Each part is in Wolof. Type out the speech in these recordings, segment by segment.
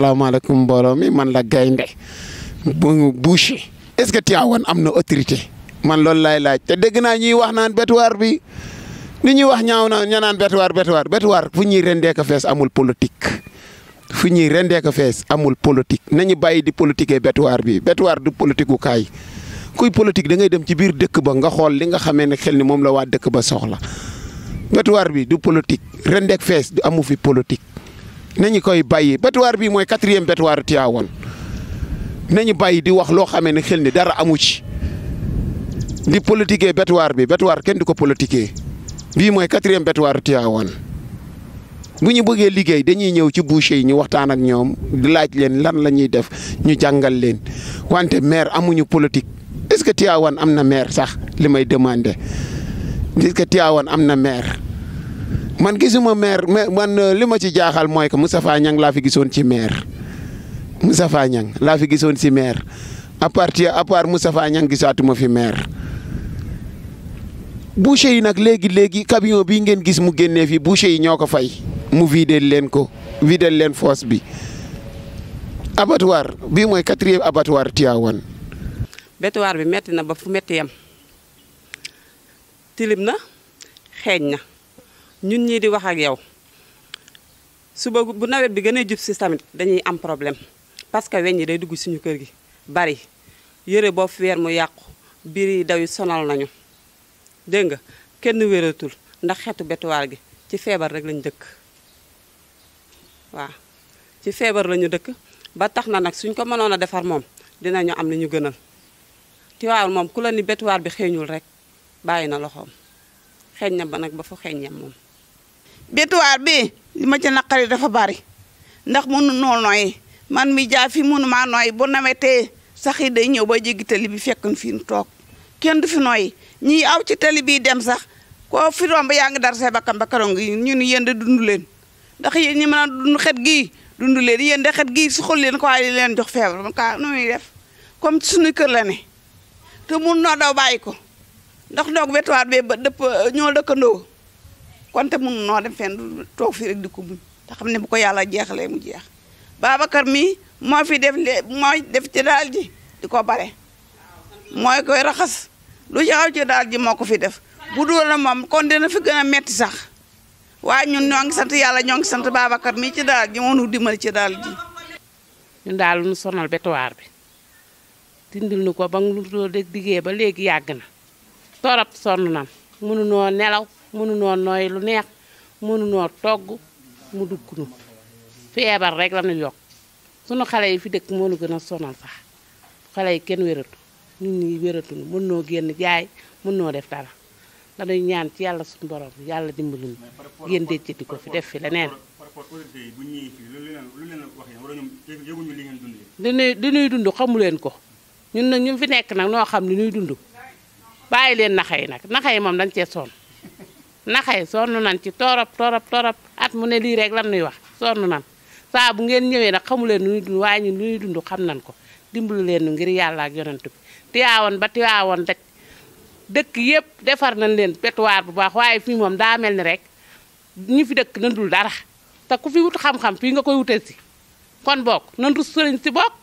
salaamaaleykum mbooloo mi man la gaynde bu boucher est-ce que Tivaouane am na autorité man loolu laay laaj te dégg naa ñuy wax naan bétuwaar bi li ñuy wax ñaaw na ña naan bétuwaar bétuwaar bétuwaar fu ñuy rendeek ko fees amul politique fu ñuy rendee ko fees amul politique nañu bàyyi di politiquer bétuwaar bi bétuwaar du politique wu kuy politique da ngay dem ci biir dëkk ba nga xool li nga xamee ne xel ni moom la waa dëkk ba soxla bétuwaar bi di politique rendeek fees di amu fi politique na ñu koy bàyyi bétuwaar bii mooy quatrième bétuwaar Tivaouane ñu bàyyi di wax loo xamee ne xel ni dara amu ci di politiquer bétuwaar bi bétuwaar kenn di ko politiquer bii mooy quatrième bétuwaar Tivaouane bu ñu bëggee liggéey dañuy ñëw ci boucher yi ñu waxtaan ak ñoom laaj leen lan la ñuy def ñu jàngal leen wante maire amuñu politique est-ce que Tivaouane am na maire sax li may demander est-ce que am na maire. man gisuma maire man euh, li ma ci jaaxal mooy que Moustapha Niang laa fi gisoon ci maire Moustapha Niang laa fi gisoon ci maire à partir à part Moustapha Niang gisaatuma fi maire. boucher yi nag léegi léegi camion bii ngeen gis mu génnee fi boucher yi ñoo ko fay mu videl leen ko videl leen fosse bi abattoir bi mooy quatrième abattoir Tivaouane. abattoir bi metti na ba fu metti yam tilim na xeeñ na. ñun ñii di wax ak yow ba bu nawet bi gën a jub si tamit dañuy am problème parce que weñ yi day dugg suñu kër gi bari yére boo fi weer mu yàqu biir yi daw sonal nañu dégg nga kenn wératul ndax xeetu betuwaar gi ci feebar rek lañu dëkk waa ci feebar lañu dëkk ba tax na nag suñ ko mënoon a defar moom dinañu am li ñu gënal tiwaawul moom ku la ni betuwaar bi xeeñul rek bàyyi na loxoom xeeñ na ba nag ba fa xeeñ yam moom bétuwaar bi li ma ca naqari dafa bari ndax mënu noo nooyi man mi jaa fi mënu maa nooyi bu nawetee sax yi day ñëw ba jéggi tali bi fekk fii nu toog kenn du fi nooy ñii aw ci tali bii dem sax koo fi romb yaa ngi dar see bakkan ba karoog gi ñu de dund leen ndax yéen ñi mën a dund xet gii dund leen yéen de xet gii su xol leen ko leen jox feebar man kaa nu muy def comme suñu kër la ne te mun noo daw bàyyi ko ndax doog bétuwaar bee ba dëpp ñoo dëkkandoo konté mun no dem fenn tok fi rek di ko muñ ta xamné ne bu ko yalla jéxalé mu jéx babakar mi mo fi def le def ci di ko bare mooy koy raxas lu jaw ci daal ji moo mam fi def bu do la mom kon dina fi gëna metti sax wa ñun ñoo ngi sant yalla ñoo ngi sant babakar mi ci daal di nu ci daal ñun dal lu sonal bétuwaar bi dindil nu ko ba lu dégg digé ba légui yàgg na torop nam mënu no nelaw mënunoo nooy lu neex mënunoo togg mu dugg nu feebar rek la ñu yokk sunu xale yi fi dëkk moo nu gën a sonal sax xale yi kenn wératu nit ñi wératunu mën génn jaay mën noo def dara dañuy ñaan ci yàlla suñu borom yàlla dimbali ñu yéen denc di ko fi def fi leneen. li nuy li dund xamu leen ko ñun nag ñu fi nekk nag noo xam li nuy dund bàyyi leen naxa yi nag naxa yi moom dañ cee son naxay sonn nan ci torop torop torop at mu ne lii rek lan nuy wax sonn nan saa bu ngeen ñëwee nag xamu leen nuy dund waaye ñun nuy dund xam nan ko dimbalu leen nu ngir yàlla ak yonent bi tiyaawoon ba tiwaawoon daj dëkk yëpp defar nañ leen petuwaar bu baax waaye fii moom daa mel ni rek ñi fi dëkk nan dara te ku fi wut xam-xam fii nga koy wutee si kon bokk nan rus sëriñ si bokk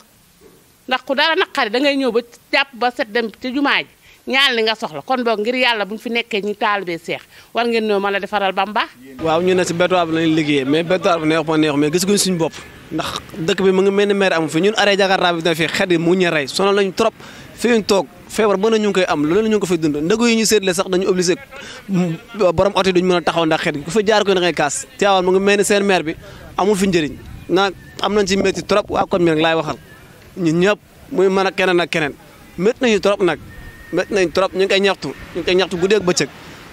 ndax ku dara naqari da ngay ñëw ba jàpp ba set dem ca jumaa ji ñaan li nga soxla kon boog ngir yàlla bu ñu fi nekkee ñu taalibe seex war ngeen ñoo mën a defaral ba mu baax. waaw ñu ne si bétuwaay bi lañuy liggéeyee mais bétuwaay bi neex ma neex mais gis guñ suñu bopp ndax dëkk bi mu ngi mel ni maire amu fi ñun arrêt fi xet yi mu ñu rey sonal nañu trop fi toog feebar mën na ñu ngi koy am loolu la ñu ngi ko fay dund ñu seetle sax dañu obligé borom oto yi duñu mën a taxaw ndax xet gi ku fa jaar ko da ngay kaas tiaawal mu ngi mel ni seen maire bi amul fi njëriñ na am nañ ci métti trop waa kon mi nag laay waxal ñun ñëpp muy mën a keneen ak keneen métti nañu trop nag met nañ trop ñu ngi koy ñaxtu ñu ngi koy ñaxtu guddeeg bëccëg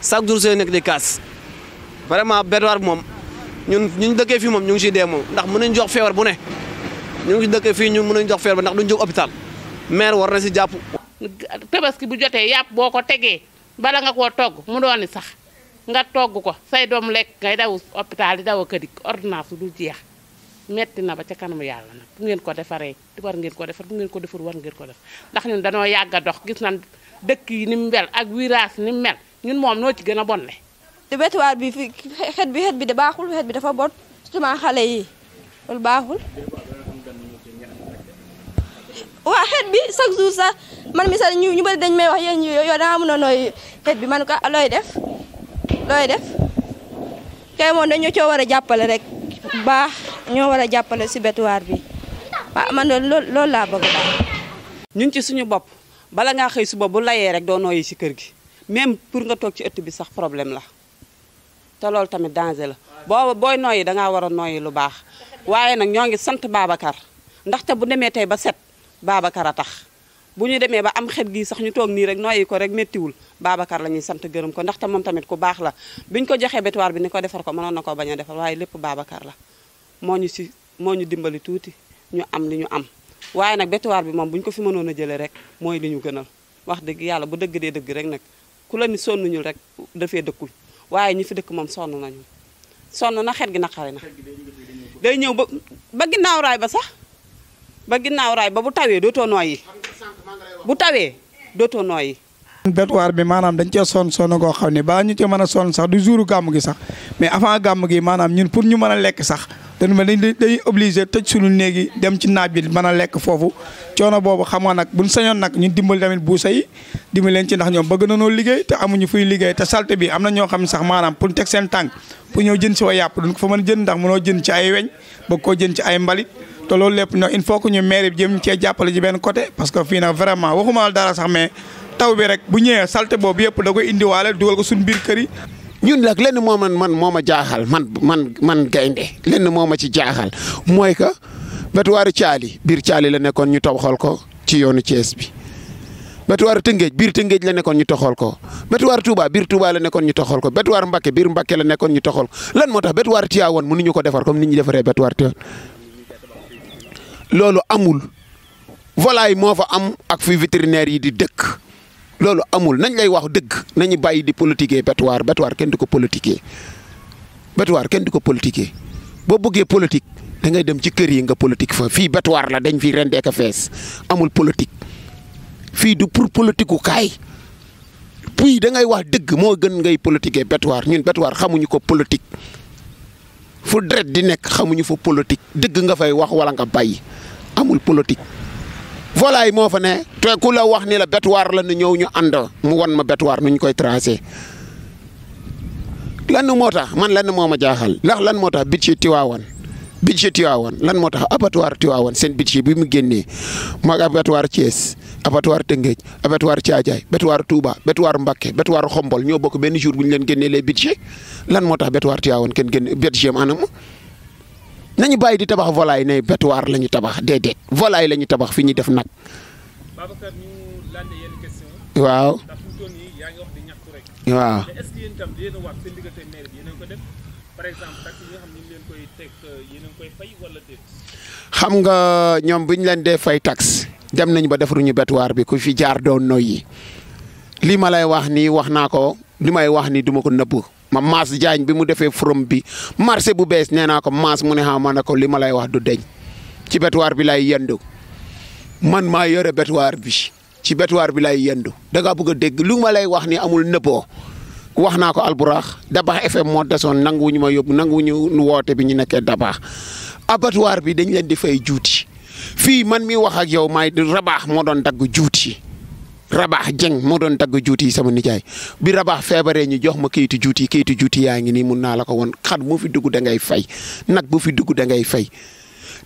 chaque jour sooy nekk di kaas vraiment bedwaar moom ñun ñu dëkkee fii moom ñu ngi siy dee moom ndax mënuñ jox feebar bu ne ñu ngi dëkkee fii ñun mënuñ jox feebar ndax duñ jóg hôpital maire war na si jàpp tabaski bu jotee yàpp boo ko tegee bala nga koo togg mu dooni sax nga togg ko say doom lekk ngay daw hôpital yi daw a ordonnance du jeex metti na ba ca kanamu yàlla na bu ngeen ko defaree war ngeen ko defar bu ngeen ko defar war ngeen ko def ndax ñun danoo yàgg a dox gis nañ dëkk yi ni mu mel ak virage ni mu mel ñun moom noo ci gën a bon ne di bétuwaar bi bi xet bi da baaxul xet bi dafa bon surtout xale yi loolu baaxul waaw xet bi chaque jour sax man mi sax ñu ñu bëri dañ may wax yéen yow danga mën a nooy xet bi man ko ah, looy def looy def kay moom dañu coo war a jàppale rek baax ñoo war a jàppale si bétuwaar bi waaw ah, man loolu loolu laa bëgg daal. ñun ci suñu bopp bala ngaa xëy suba bu layee rek doo nooyi si kër gi même pour nga toog ci ëtt bi sax problème la te loolu tamit danger la boo booy nooyi dangaa war a nooyi lu baax waaye nag ñoo ngi sant Babacar ndaxte bu demee tey ba set Babacar a tax bu ñu demee ba am xet gi sax ñu toog nii rek nooyi ko rek méttiwul Babacar la ñuy sant gërëm ko ndaxte moom tamit ku baax la bi ñu ko joxee bétuwaar bi ni ko defar ko mënoon na ko bañ a defar lépp Babacar la moo ñu si moo ñu dimbali tuuti ñu am li ñu am waaye nag bétuwaar bi moom bu ñu ko fi mënoon a jëlee rek mooy li ñu gënal wax dëgg yàlla bu dëgg dee dëgg rek nag ku la ni sonnuñul rek dafee dëkkul waaye ñi fi dëkk moom sonn nañu sonn na xet gi naqari na day ñëw ba ba ginnaaw raay ba sax ba ginnaaw raay ba bu tawee dootoo nooy yi bu tawee dootoo nooy yi bétuwaar bi maanaam dañ cee sonn sonn koo xam ne baa ñu cee mën a sonn sax du jouru gàmm gi sax mais avant gàmm gi maanaam ñun pour ñu mën a lekk sax dañu ma dañ dañuy obligé tëj suñu néegi dem ci naaj bi mën a lekk foofu coono boobu xam nga nag buñ sañoon nag ñu dimbali tamit buusa yi dimbali leen ci ndax ñoom bëgg na noo liggéey te amuñu fuy liggéey te salte bi am na ñoo xam ne sax maanaam pour teg seen tànk pour ñëw jën si wa yàpp duñ ko fa mën a jën ndax mënoo jën ci ay weñ bëgg koo jën ci ay mbalit te loolu lépp nag il faut que ñu maire bi jëm cee jàppale ci benn côté parce que fii nag vraiment waxuma dara yëpp da koy indiwaale dugal ko suñu biir kër ñun nag lenn moo man man moo ma jaaxal man man man gaynde lenn moom ma ci jaaxal mooy que bétuwaaru caali biir caali la nekkoon ñu toxal ko ci yoonu Thiès bi. bétuwaaru Tëngéej biir Tëngéej la nekkoon ñu toxal ko bétuwaaru Touba biir Touba la nekkoon ñu toxal ko bétuwaaru Mbakke biir Mbakke la nekkoon ñu toxal ko lan moo tax bétuwaaru Tiwaawan mënuñu ko defar comme ni ñu defaree bétuwaaru Tiwaawan loolu amul volaille moo fa am ak fi vétérinaire yi di dëkk. lolu amul nañ lay wax deug nañ bayyi di politiquer bétuwaar bétuwaar kenn diko ko politiquer bétuwaar kenn diko ko politiquer bo bëggé politique da ngay dem ci kër yi nga politique fa fi bétuwaar la dañ fi rendé ka fess amul politique fi du pour politique ku kaay puis da ngay wax deug mo gën ngay politiquer bétuwaar ñun bétuwaar xamuñu ko politique fu dret di nek xamuñu fu politique deug nga fay wax wala nga bayyi amul politique volaille moo fa ne te ku la wax ni la bétuwaar la ñu ñëw ñu ànd mu wan ma bétuwaar nu ñu koy tracé lan moo tax man lan moo ma jaaxal ndax lan moo tax budget Tiwaawan budget Tiwaawan lan moo tax abattoir Tiwaawan seen budget bi mu génnee mooy abattoir Thiès abattoir Tëngéej abattoir Thiadiaye abattoir Touba abattoir Mbacké abattoir Xombol ñoo bokk benn jour bu ñu leen génnee les budget lan moo tax abattoir Tiwaawan kenn génne budget maanaam nañu bàyyi di tabax volaille ne bétuwaar la ñu tabax déedéet volaille la ñu tabax fi ñu def nag. waaw waaw euh, xam nga ñoom bu ñu leen dee fay tax dem nañ ba defaruñu bétuwaar bi ku fi jaar doon yi lii ma lay wax nii wax naa ko li may wax nii duma ko nëbb. ma maas jaañ bi mu defee forom bi marché bu bees nee naa ko maas mu ne ah ma ne ko li ma lay wax du deñ ci betuwaar bi lay yendu man maa yore betuwaar bi ci betuwaar bi lay yendu da ngaa bëgg dégg lu ma lay wax ni amul nëbboo wax naa ko Alburax Dabaax FM moo desoon nanguwuñu ma yóbbu nanguwuñu nu woote bi ñu nekkee Dabaax abattoir bi dañ leen di fay juuti fii man mi wax ak yow maay rabaax moo doon dagg juuti. rabah jeng mo don juti juuti sama nijaay bi rabah feebaree ñu jox ma kayitu juuti kayitu juuti yaangi ni nii mun naa la ko won xat bu fi dugg da ngay fay nak bu fi dugg da ngay fay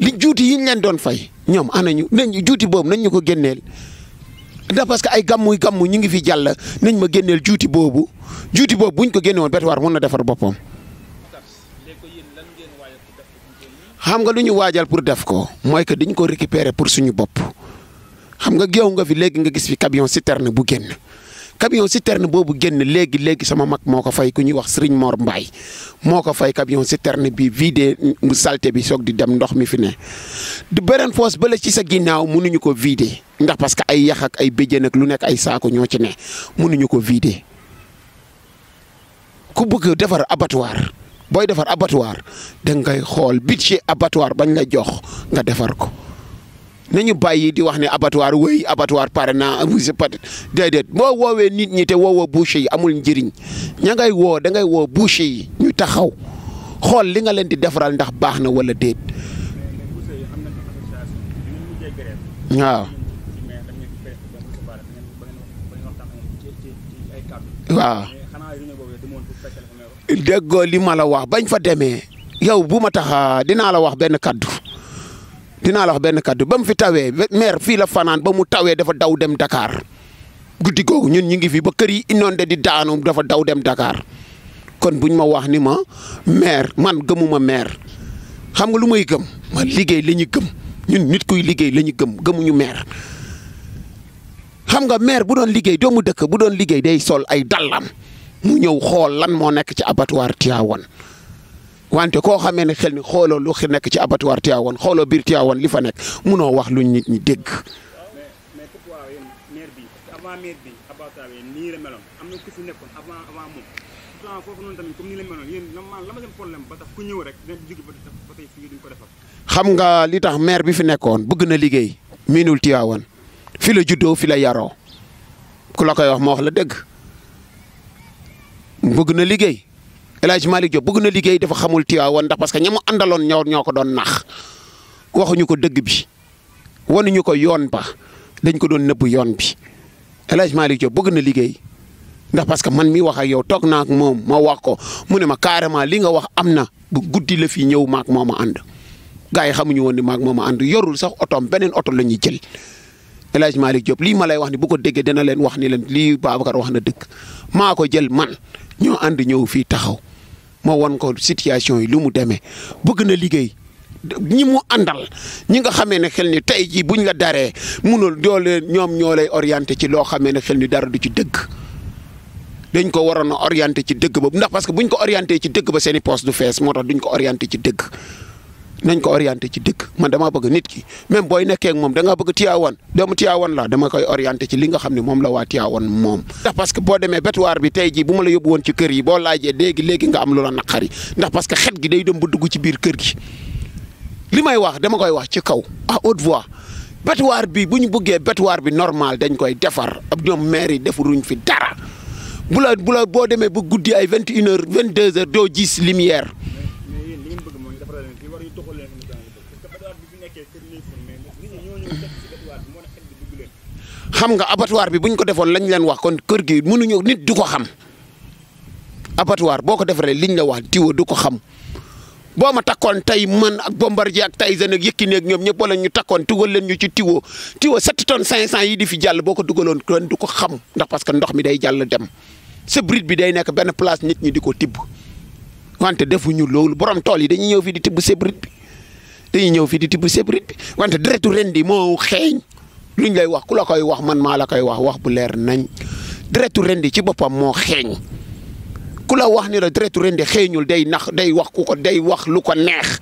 li juuti yi ñu don doon fay ñoom anañu nañ juti bobu nañ ñuko ko da parce que ay gamuy gamu ñi ngi fi jall nañ ma gennel juuti bobu juuti buñ ko génne woon war mun na defar bopom xam nga luñu wajal pour def ko moy que diñ ko récupérer pour suñu bop xam nga géew nga fi léegi nga gis fi camion citerne bu génn camion citerne sama mag moo ko fay ku ñuy wax Serigne Mor Mbaye fay camion citerne bi vidé mu salté bi di dem ndox mi fi ne du beneen foos ba la ci sa ginnaaw mënuñu ko vidé ndax parce que ay yax ak ay béjjén ak lu nekk ay saako ñoo ci ne mënuñu ko vidé ku bëgg abattoir abattoir da ngay abattoir bañ la jox nga ko nañu bàyyi di wax ne abattoir wéy abattoir pare na wuse pat déedéet boo woowee nit ñi te woowoo boucher yi amul njëriñ ña ngay woo dangay woo boucher yi ñu taxaw xool li nga leen di defaral ndax baax na walla déet waaw waaw li ma la wax bañ fa demee yow bu ma tax dinaa la wax benn kaddu dinaa la wax benn kàddu ba mu fi tawee maire fii la fanaan ba mu tawee dafa daw dem dakaar guddi googu ñun ñu ngi fi ba kër yi inondé di daanu dafa daw dem dakaar kon buñ ma wax ni ma maire man gëmuma maire xam nga lu may gëm ma liggéey la gëm ñun nit kuy liggéey la gëm gëmuñu maire. xam nga maire bu doon liggéey doomu dëkk bu doon liggéey day sol ay dallam mu ñëw xool lan moo nekk ci abattoir Tivaouane wante koo xamee ne xel ni xooloo lu nekk ci abattoir Tivaouane xooloo biir Tivaouane li fa nekk mënoo wax lu nit ñi dégg. xam nga li tax maire bi fi nekkoon bëgg na liggéey. miinul Tivaouane fi la juddoo fi la yaroo ku la koy wax ma wax la dégg bëgg na liggéey. El Hadj Malick Diop bëgg na liggéey dafa xamul Tiwaawan ndax parce que ña mu àndaloon ñoo ñoo ko doon nax waxuñu ko dëgg bi wanuñu ko yoon ba dañ ko doon nëbb yoon bi El Hadj Malick Diop bëgg na liggéey ndax parce que man mii wax ak yow toog naa moom ma wax ko mu ne ma carrément li nga wax am na bu guddi la fi ñëw maak moo ma ànd gars yi xamuñu woon ni maak moom ma ànd yorul sax otoom beneen oto la ñuy jël. El Hadj Malick Diop lii ma lay wax ni bu ko déggee dina leen wax ni leen lii Babacar wax na dëgg maa ko jël man ñoo ñëw fii taxaw. ma won ko situation yi lu mu demee bëgg na liggéey ñi mu àndal ñi nga xamee ne xel ni tey jii buñ la daree munul doo ñoom ñoo lay orienté ci loo xamee ne xel ni dara du ci dëgg dañ ko waroon a orienté ci dëgg ba ndax parce que buñ ko orienté ci dëgg ba seeni i poste fees moo tax duñ ko orienté ci dëgg nañ ko orienté ci dëkk man damaa bëgg nit ki même booy nekkee ak moom da ngaa bëgg Tivaouane doomu Tivaouane la dama koy orienté ci li nga xam ne moom la waa Tivaouane moom. ndax parce que boo demee tey jii bu ma la yóbbu woon ci kër am lu la naqari ndax parce que xet gi day dem ba dugg ci biir kër gi li may wax dama koy wax ci kaw à haute voix. bétuwaar bi bu ñu bëggee bétuwaar bi normal dañ koy defar ak doom maire yi defaruñ fi dara bu la bu la boo demee ba guddi ay vingt une heures vingt deux heures doo gis lumière xam nga abattoir bi buñ ko defoon lañ leen wax kon kër gi nit du ko xam abattoir boo ko defaree liñ la wax tiwa du ko xam boo ma takkoon man ak Bombardier ak Tyson ak Yékini ak ñoom ñëpp wala ñu takkoon tugal leen ñu ci tiwo tiwo sept tonnes cinq yi di fi jàll boo ko kon du ko xam ndax parce que ndox mi day jàll dem sa bride bi day nekk benn place nit ñi di ko tibb wante defuñu loolu borom tool yi dañuy ñëw fii di tibb sa bride bi dañuy ñëw fii di tibb sa bride bi wante deretu luñ lay wax ku la koy wax man maa la koy wax wax bu leer nañ deretu rendi ci boppam moo xeeñ ku la wax ni la deretu rendi xeeñul day nax day wax ku ko day wax lu ko neex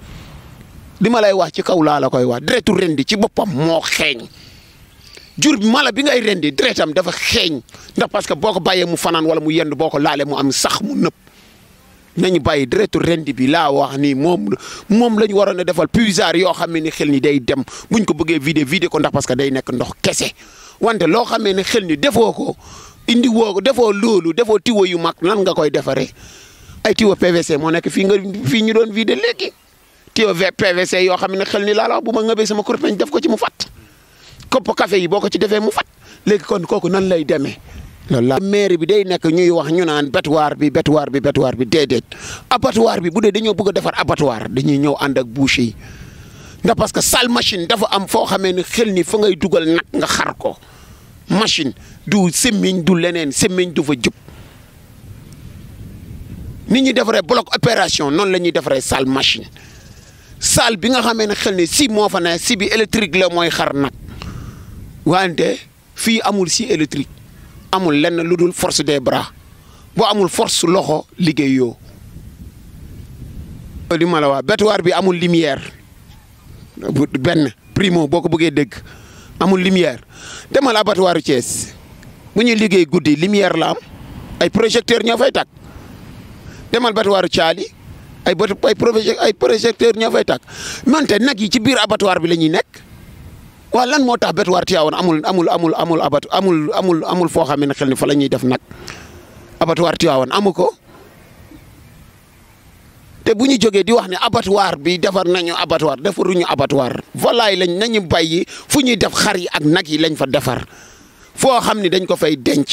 li ma lay wax ci kaw laa la koy wax deretu rendi ci boppam moo xeeñ jur bi mala bi ngay rendi deretam dafa xeeñ ndax parce que boo ko bàyyee mu fanaan wala mu yend boo ko laalee mu am sax mu nëb. nañu bàyyi deretu rendi bi laa wax ni moom moom la ñu waroon a defal puisard yoo xam ne ni xel ni day dem buñ ko bëggee vider vider ko ndax parce que day nekk ndox kese wante loo xam ne xel ni defoo ko indi woo ko defoo loolu defoo tiwo yu mag nan nga koy defaree ay tiwo PVC moo nekk fii nga fii ñu doon vider léegi tiwo PVC yoo xam ne xel ni laa la wax bu ma ngëbee sama kurpeñ def ko ci mu fat kopp kafe yi boo ko ci defee mu fat léegi kon kooku nan lay demee loolu la mairie bi day nekk ñuy wax ñu naan bétuwaar bi bétuwaar bi bétuwaar bi déedéet abattoir bi bu dee dañoo bëgg a defar abattoir dañuy ñëw ànd ak boucher nda parce que sale machine dafa am foo xamee ne xel ni fa ngay dugal nga xar ko machine du semmiñ du leneen semmiñ du fa jub ñuy defaree bloc opération noonu la ñuy defaree sale machine sale bi nga xamee ne xel ni si moo fa ne si bi électrique la mooy xar nag wante fii amul si électrique. amul lenn lu dul force des bras boo amul force loxo liggéeyoo. li ma la wax bétuwaar bi amul lumière benn primo boo ko bëggee dégg amul lumière demal abattoiru Thiès bu ñuy liggéey guddi lumière la am ay projecteur ñoo fay tàkk demal abattoiru Thiali ay ay projecteur ñoo fay tàkk mante nag yi ci biir abattoir bi la ñuy nekk. waaw lan moo tax bétuwaar Tiwaawan amul amul amul amul abatu amul amul amul foo xam ne xel ni fa la ñuy def nag abatuwaar Tiwaawan amu ko te bu ñu jógee di wax ne abattoir bi defar nañu abattoir defaruñu abattoir volaille lañ nañu bàyyi fu ñuy def xar yi ak nag yi lañ fa defar foo xam ni dañ ko fay denc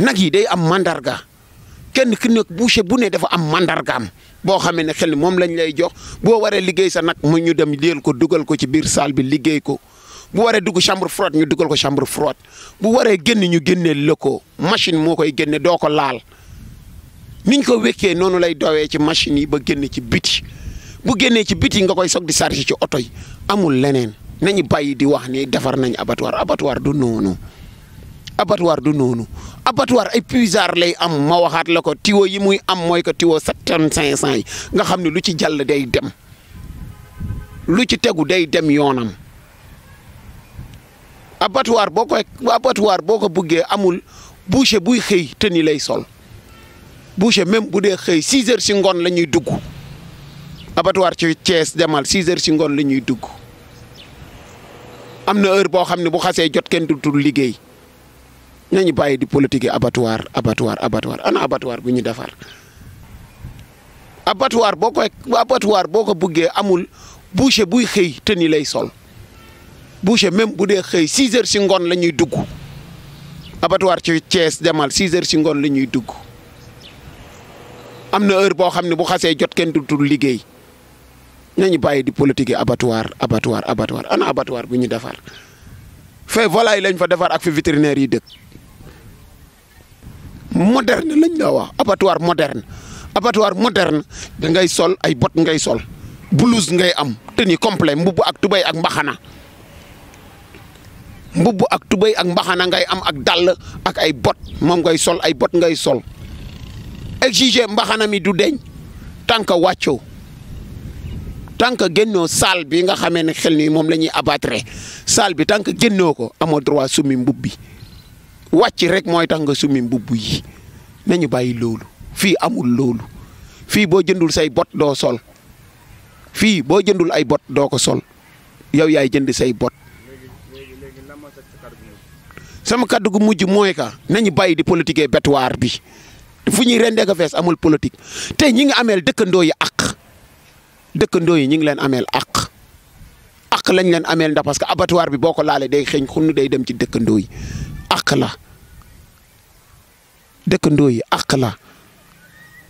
nag yi day am mandarga kenn ku nekk boucher bu ne dafa am mandargaam. boo xamee ne xel moom lañ lay jox boo waree liggéey sa nag mu ñu dem déel ko dugal ko ci biir salle bi liggéey ko bu waree dugg chambre froide ñu dugal ko chambre froide bu waree génn ñu génneel la ko machine moo koy génne doo ko laal niñ ko wekkee noonu lay dowee ci machine yi ba génn ci biti bu génnee ci biti nga koy soog di chargé ci oto yi amul leneen nañu bàyyi di wax ni defar nañ abattoir abattoir du noonu. abattoir du noonu abattoir ay puisard lay am ma waxaat la ko tiwo yi muy am mooy ko tiwo sept tonnes cinq yi nga xam ne lu ci jàll day dem lu ci tegu day dem yoonam abattoir boo koy abattoir boo ko buggee amul boucher buy xëy te ni lay sol boucher même bu dee xëy six heures si ngoon la ñuy dugg abattoir ci Thiès demal six heures si ngoon lañuy dugg am na heure boo xam ne bu xasee jot kenn dutul liggéey nañu bàyyi di politique abattoir abattoir abattoir ana abattoir bu ñu defar abattoir boo ko abattoir boo ko buggee amul boucher buy xëy te ni lay sol boucher même bu dee xëy 6 heures si ngoon la ñuy dugg abattoir ci Thiès demal 6 heures si ngoon la ñuy dugg am na heure boo xam ne bu xasee jot kenn dutul liggéey nañu bàyyi di politique abattoir abattoir abattoir ana abattoir bu ñu defar. fee volaille lañ fa defar ak fi vétérinaire yi dëkk. modern lañ la wax abattoir modern abattoir moderne da ngay sol ay bot ngay sol blouse ngay am tenue complet mbubu ak tubay ak mbaxana mbubu ak tubay ak mbaxana ngay am ak dal ak ay bot mom ngay sol ay bot ngay sol exiger mbaxana mi du deñ tànk waccio tànk genno sal bi nga xamene xel ni abattre sal bi tànk genno ko amo droit sumi mbubbi wàcc rek mooy tax nga summi mbubb yi nañu bàyyi loolu fii amul loolu fii boo jëndul say bot doo sol fii boo jëndul ay bot doo ko sol yow yaay jënd say bot sama kaddu gu mujj mooy ka nañu bàyyi di politiquer bétuwaar bi fu ñuy rendee ko fees amul politique te ñi nga ameel dëkkandoo yi àq dëkkandoo yi ñi ngi leen ameel àq àq lañu leen ameel ndax parce que abattoir bi boo ko laalee day xeeñ xunn day dem ci dëkkandoo yi àq la dëkkandoo yi àq la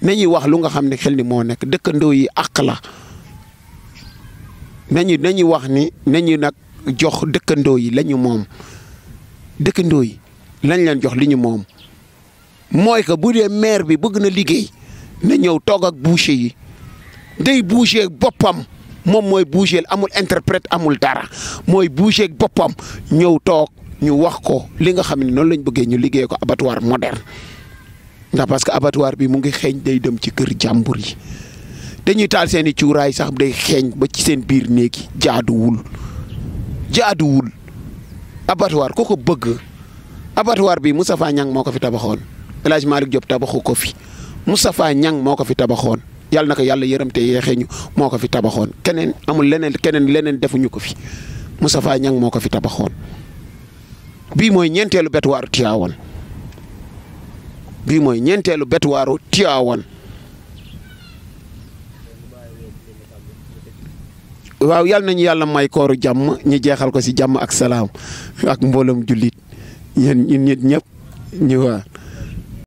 nañuy wax lu nga xam ni xel ni moo nekk dëkkandoo yi àq la nañu nañu wax ni nañu nag jox dëkkandoo yi lañu moom dëkkandoo yi lañ leen jox li ñu moom mooy que bu dee maire bi bëgg na liggéey na ñëw toog ak boucher yi day boucher boppam moom mooy boucher amul interprète amul dara mooy boucher boppam ñëw toog. ñu wax ko li nga xam ne noonu lañ bëggee ñu liggéey ko abattoir moderne ndax parce que abattoir bi mu ngi xeeñ day dem ci kër jàmbur yi dañuy taal seen i cuuraay sax bu day xeeñ ba ci seen biir néeg yi jaaduwul jaaduwul abattoir ku ko bëgg abattoir bi Moustapha Niang moo ko fi tabaxoon El Hadj Malick Diop tabaxu ko fi Moustapha Niang moo ko fi tabaxoon yàlla na ko yàlla yërëm te xeeñu moo ko fi tabaxoon keneen amul leneen keneen leneen defuñu ko fi Moustapha Niang moo ko fi tabaxoon. bii mooy ñeenteelu betuwaaru Tiwaawan bii mooy ñeenteelu betuwaaru waaw yal nañu yàlla may kooru jàmm ñu jeexal ko ci jàmm ak salaam ak mbooloom julit yéen ñun ñëpp ñu waa